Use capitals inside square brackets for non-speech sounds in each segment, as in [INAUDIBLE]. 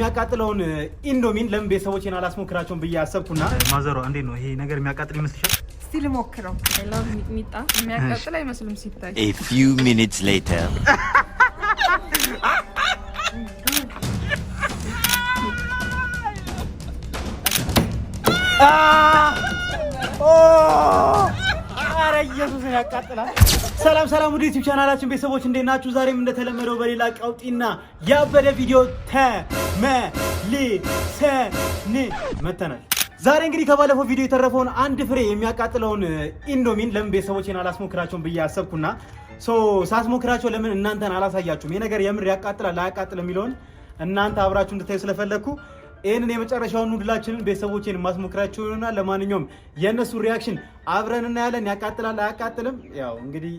የሚያቃጥለውን ኢንዶሚን ለምን ቤተሰቦቼን አላስሞክራቸውን ብዬ አሰብኩና፣ ማዘሯ እንዴት ነው ይሄ ነገር የሚያቃጥል ይመስልሻል? እስቲ ልሞክረው። ሚጣ የሚያቃጥል አይመስልም ሲታይ። A few minutes later [LAUGHS] Ah! Oh! ኢየሱስን ያቃጥላል። ሰላም ሰላም፣ ወደ ዩቲዩብ ቻናላችን ቤተሰቦች እንዴት ናችሁ? ዛሬም እንደተለመደው በሌላ ቀውጢና ያበደ ቪዲዮ ተመልሰን መተናል። ዛሬ እንግዲህ ከባለፈው ቪዲዮ የተረፈውን አንድ ፍሬ የሚያቃጥለውን ኢንዶሚን ለምን ቤተሰቦችን አላስሞክራቸውን ብዬ አሰብኩና ሳስሞክራቸው ለምን እናንተን አላሳያችሁም? ይህ ነገር የምር ያቃጥላል አያቃጥልም የሚለውን እናንተ አብራችሁ እንድታዩ ስለፈለግኩ ይህንን የመጨረሻውን ኑድላችንን ቤተሰቦችን የማስሞክራቸው ይሆናል። ለማንኛውም የእነሱ ሪያክሽን አብረን እናያለን። ያቃጥላል አያቃጥልም? ያው እንግዲህ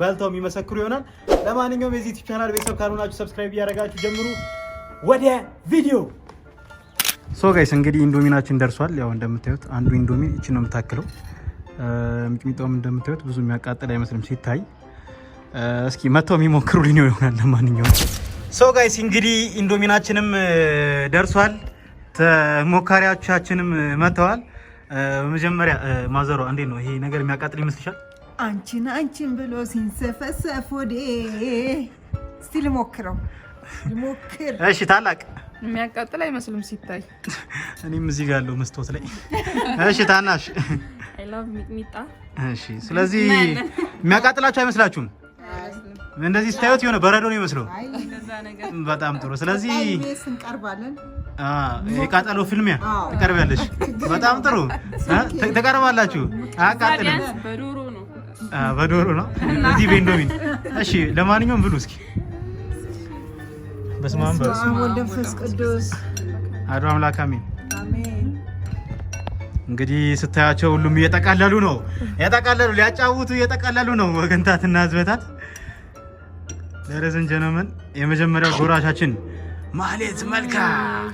በልተው የሚመሰክሩ ይሆናል። ለማንኛውም የዚህ ዩቲብ ቻናል ቤተሰብ ካልሆናችሁ ሰብስክራይብ እያደረጋችሁ ጀምሩ። ወደ ቪዲዮ ሶ ጋይስ እንግዲህ ኢንዶሚናችን ደርሷል። ያው እንደምታዩት አንዱ ኢንዶሚ እች ነው የምታክለው። ሚጥሚጣውም እንደምታዩት ብዙ የሚያቃጥል አይመስልም ሲታይ። እስኪ መጥተው የሚሞክሩ ሊኖር ይሆናል። ለማንኛውም ሶ ጋይስ እንግዲህ ኢንዶሚናችንም ደርሷል። ተሞካሪዎቻችንም መጥተዋል። በመጀመሪያ ማዘሯ እንዴት ነው ይሄ ነገር የሚያቃጥል ይመስልሻል? አንቺን አንቺን ብሎ ሲንሰፈሰፍ ወዴ እስቲ ልሞክረው ልሞክር። እሺ ታላቅ የሚያቃጥል አይመስልም ሲታይ። እኔም እዚህ ጋር ያለው መስታወት ላይ። እሺ ታናሽ ሚጣ። እሺ ስለዚህ የሚያቃጥላችሁ አይመስላችሁም? እንደዚህ ስታዩት የሆነ በረዶ ነው ይመስለው። በጣም ጥሩ። ስለዚህ ስንቀርባለን የቃጠሎ ፍልሚያ ትቀርቢያለሽ። በጣም ጥሩ ትቀርባላችሁ። [LAUGHS] አያቃጥልም። በዶሮ ነው እዚህ ቤንዶሚ። እሺ ለማንኛውም ብሉ እስኪ። በስመ አብ ወወልድ ወመንፈስ ቅዱስ አሐዱ አምላክ አሜን። እንግዲህ ስታያቸው ሁሉም እየጠቃለሉ ነው፣ እየጠቃለሉ ሊያጫውቱ እየጠቃለሉ ነው። ወገንታትና ህዝበታት ለረዘን ጀነመን የመጀመሪያው ጎራሻችን ማህሌት መልካም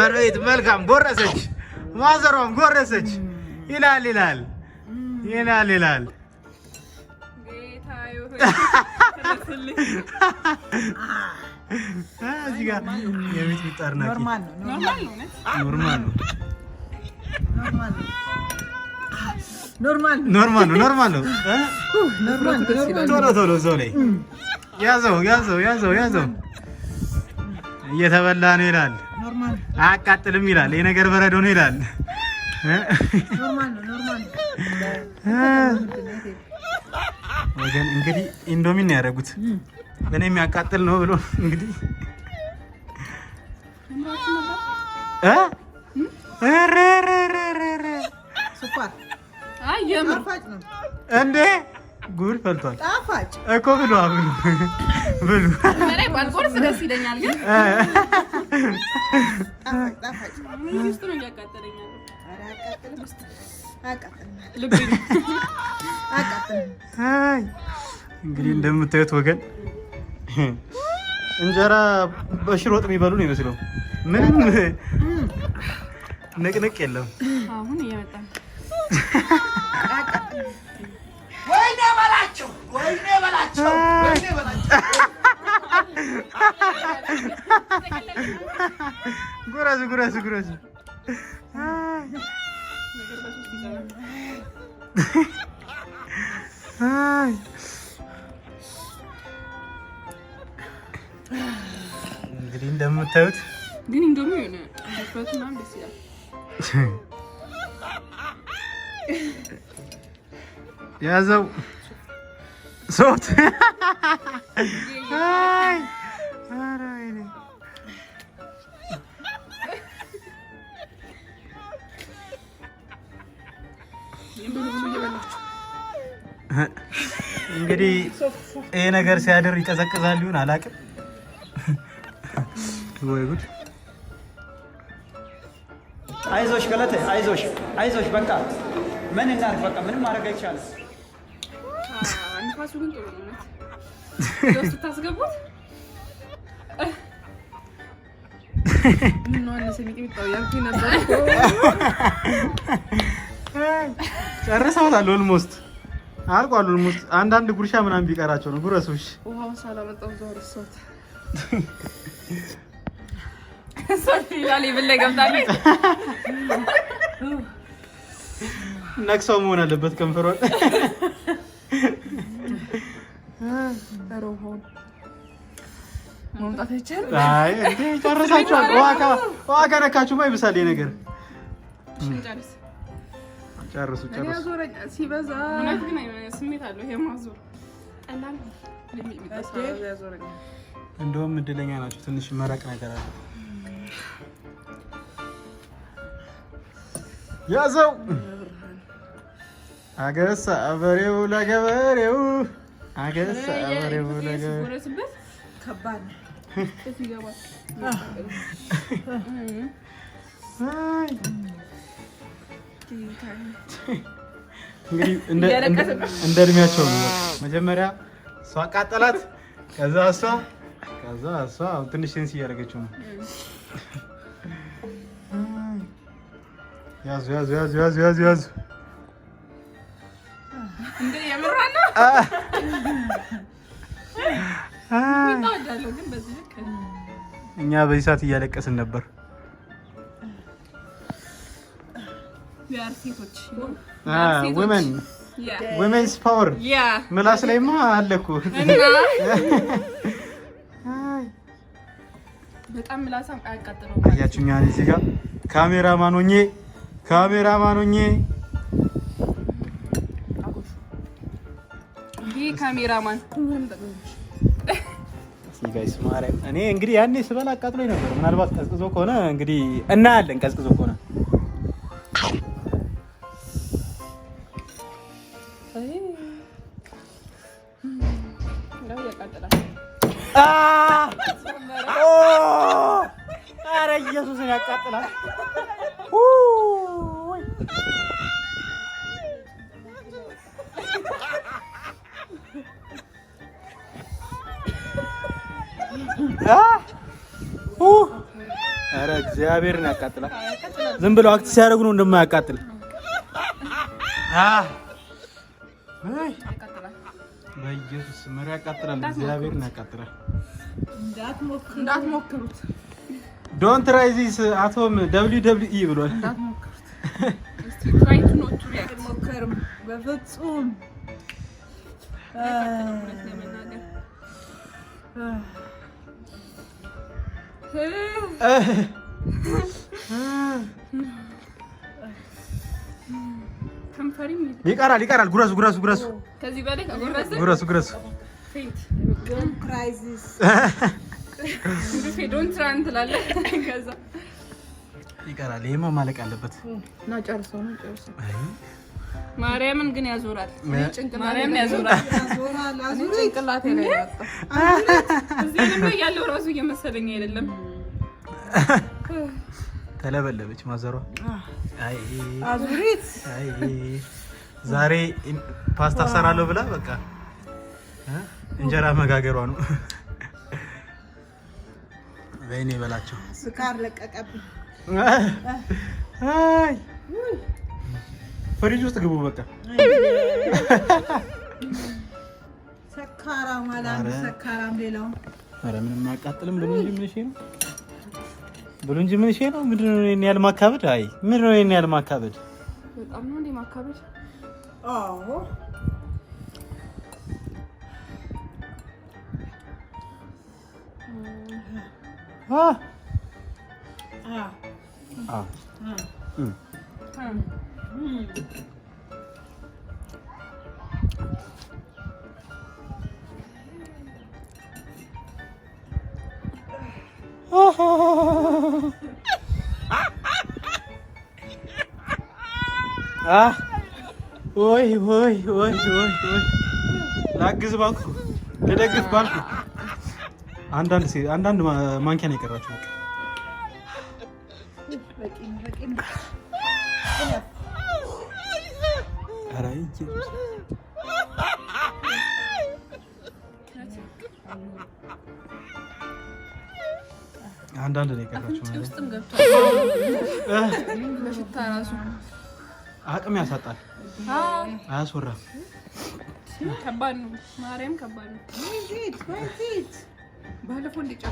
መሬት መልካም ጎረሰች፣ ማዘሯም ጎረሰች ይላል ይላል ይላል ይላል። እዚህ ጋር የቤት ሚጣር ናት። ኖርማል ነው። ኖርማል ነው። ኖርማል ነው። ቶሎ ቶሎ ሰው ላይ ያዘው ያዘው ያዘው ያዘው እየተበላ ነው ይላል። አያቃጥልም ይላል። ይሄ ነገር በረዶ ነው ይላል። ወገን እንግዲህ ኢንዶሚን ነው ያደረጉት። ለእኔ የሚያቃጥል ነው ብሎ እንግዲህ እንዴ ጉድ ፈልቷል። ጣፋጭ እኮ ብሉ ብሉ ብሉ። ቁርስ ደስ ይለኛል ግን እንግዲህ እንደምታዩት ወገን እንጀራ በሽሮ ወጥ የሚበሉ ነው ይመስለው። ምንም ንቅንቅ የለም። አሁን እየመጣ ወይኔ በላቸው፣ ወይኔ በላቸው፣ ወይኔ በላቸው። ጉረሱ እንግዲህ እንደምታዩት ግን እንደውም የሆነ ደስ ይላል። [LAUGHS] ያዘው ሶት አይ እንግዲህ ይሄ ነገር ሲያድር ይቀዘቅዛል ይሁን አላውቅም። ወይ ጉድ! አይዞሽ ገለቴ አይዞሽ፣ አይዞሽ። በቃ ምን እናድርግ? በቃ ምንም ማድረግ አይቻልም። ንፋሱ ግን ጥሩ ነው። ውስጥ ታስገቡት ጨርሰውታል። ኦልሞስት አልቋል። ኦልሞስት አንዳንድ ጉርሻ ምናምን ቢቀራቸው ነው። ጉረሶች ነቅሰው መሆን አለበት ከንፈሯል መምጣት አይቻልም። አይ እንዴ ጨረሳችኋል? ዋካ ዋካ ነካችሁ ነገር ጨርሱ ጨርሱ። ሲበዛ ስሜት አለው ይሄ ማዞር እንደውም እድለኛ ናቸው። ትንሽ መረቅ ነገር አለ። ያዘው አገሳ አበሬው ለገበሬው እንግዲህ እንደ እድሜያቸው ነው። መጀመሪያ እሷ አቃጠላት፣ ከዛ እሷ ከዛ እሷ ትንሽ ሴንስ እያደረገችው ነው። ያዙ ያዙ ያዙ ያዙ ያዙ ያዙ እኛ በዚህ ሰዓት እያለቀስን ነበር። ወመንስ ፓወር ምላስ ላይማ አለ እኮ በጣም ምላሳም አያቃጥለው። አያችሁኝ? እዚህ ጋር ካሜራማን ሆኜ ካሜራማን ሆኜ ይሄ ካሜራማን ጋይስ ማርያም እኔ እንግዲህ ያኔ ስበላ አቃጥሎኝ ነበር። ምናልባት ቀዝቅዞ ከሆነ እንግዲህ እናያለን። ቀዝቅዞ ከሆነ ኧረ ኢየሱስን ያቃጥላል። ኧረ እግዚአብሔርን ያቃጥላል። ዝም ብለው አክት ሲያደርጉ ነው እንደማያቃጥል በኢየሱስ መሪ ያቃጥላል። እግዚአብሔርን ያቃጥላል። እንዳትሞክሩት። ዶንት ትራይ አቶም ደብሊው ደብሊው ኢ ብሏል። በፍጹም ይቀራል ይቀራል። ጉረሱ ጉረሱ ጉረሱ ጉረሱ ጉረሱ ይቀራል። ይሄማ ማለቅ አለበት። ማርያምን ግን ያዞራል። ማርያምን ያዞራል። ጭንቅላቴ ላይ እዚህ ያለው ራሱ እየመሰለኝ አይደለም። ተለበለበች ማዘሯ። አይ አዙሪት፣ አይ ዛሬ ፓስታ ሰራለሁ ብላ በቃ እንጀራ መጋገሯ ነው። በይኔ በላቸው ስካር ለቀቀብኝ። አይ ፍሪጅ ውስጥ ግቡ። በቃ ሰካራም አላለም፣ ሰካራም ሌላው። ኧረ ምንም አያቃጥልም። ብሉ እንጂ ምን እሺ ነው? ብሉ እንጂ ምን እሺ ነው? ምንድን ነው ይሄን ያህል ማካበድ? አይ ምንድን ነው ይሄን ያህል ማካበድ? በጣም ነው እንደ ማካበድ። አዎ አዎ አዎ ወይ ወይ ወይ ላግዝ ባልኩ ልደግፍ ባልኩ አንዳንድ ማንኪያ ነው የቀራችሁ። አንዳንድ ነው የቀራችሁ አቅም ያሳጣል፣ አያስወራም። ከባድ ነው፣ ማርያም ከባድ ነው። ባለፈው እንዴት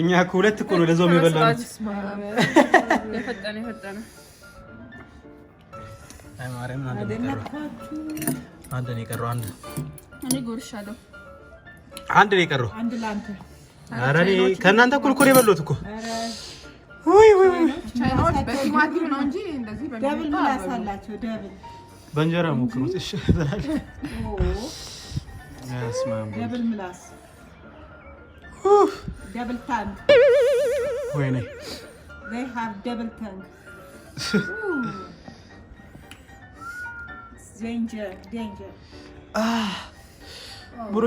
እኛ ከሁለት እኮ ነው ለዛውም የበላነው። የፈጠነ አንድ ነው የቀረው። አንድ እኔ ጎርሻለሁ። አንድ ነው የቀረው። ኧረ እኔ ከእናንተ እኩል እኮ ነው የበላሁት እኮ በእንጀራ ሞክሩት። እሺ ደብል [LAUGHS] Ah. Oh.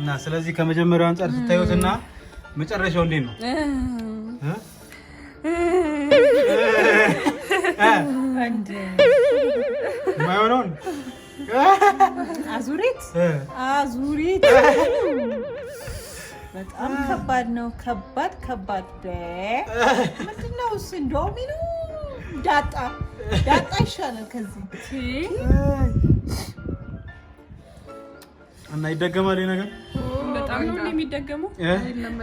እና ስለዚህ ከመጀመሪያው አንጻር ስታዩት እና hmm. መጨረሻው እንዴት ነው? Hmm. የማይሆነውን አዙሪት አዙሪት በጣም ከባድ ነው። ከባድ ከባድ ምንድን ነው እሱ እንደውም ዳጣ ዳጣ ይሻላል ከዚህ እና ይደገማል ነገር በጣም ነው የሚደገመው፣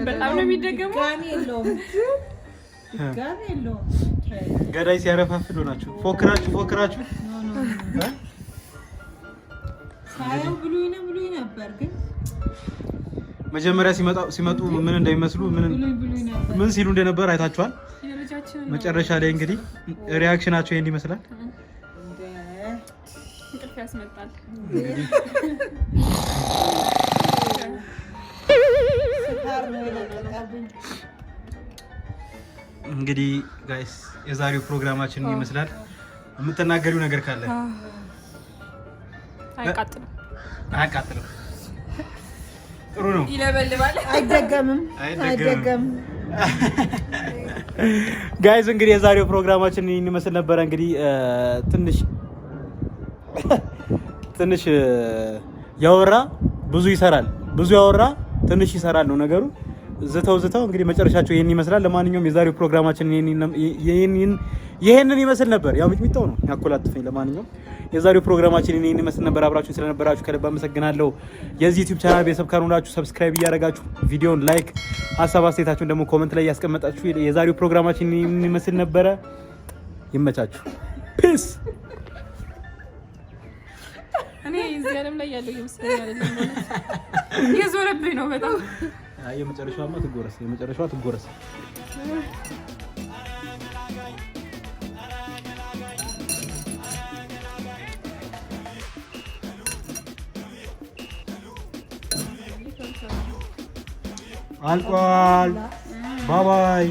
በጣም ነው የሚደገመው። ገዳይ ሲያረፋፍሉ ናቸው። ፎክራችሁ ፎክራችሁ ሳየው ብሉኝ ነው ብሉኝ ነበር ግን መጀመሪያ ሲመጡ ምን እንደሚመስሉ ምን ሲሉ እንደነበር አይታችኋል። መጨረሻ ላይ እንግዲህ ሪያክሽናቸው ይህን ይመስላል። እንግዲህ ጋይስ የዛሬው ፕሮግራማችን ይመስላል። የምትናገሪው ነገር ካለ አያቃጥልም፣ አያቃጥልም። ጥሩ ነው። ይለበልባል። አይደገምም፣ አይደገምም። ጋይዝ እንግዲህ የዛሬው ፕሮግራማችን ይመስል ነበረ። እንግዲህ ትንሽ ትንሽ ያወራ ብዙ ይሰራል፣ ብዙ ያወራ ትንሽ ይሰራል ነው ነገሩ። ዝተው ዝተው እንግዲህ መጨረሻቸው ይህን ይመስላል። ለማንኛውም የዛሬው ፕሮግራማችን ይህንን ይመስል ነበር። ያው ሚጥሚጣው ነው ያኮላትፈኝ። ለማንኛውም የዛሬው ፕሮግራማችን ይህን ይመስል ነበር። አብራችሁ ስለነበራችሁ ከልብ አመሰግናለሁ። የዚህ ዩቲዩብ ቻናል ቤተሰብ ካልሆናችሁ ሰብስክራይብ እያደረጋችሁ ቪዲዮን ላይክ፣ ሀሳብ አስተያየታችሁን ደግሞ ኮመንት ላይ ያስቀመጣችሁ። የዛሬው ፕሮግራማችን ይህን ይመስል ነበረ። ይመቻችሁ። ፒስ እኔ እዚህ ዓለም ላይ ያለው የምስለኛ የዞረብኝ ነው በጣም የመጨረሻማ ትጎረስ፣ የመጨረሻዋ ትጎረስ። አልቋል። ባባይ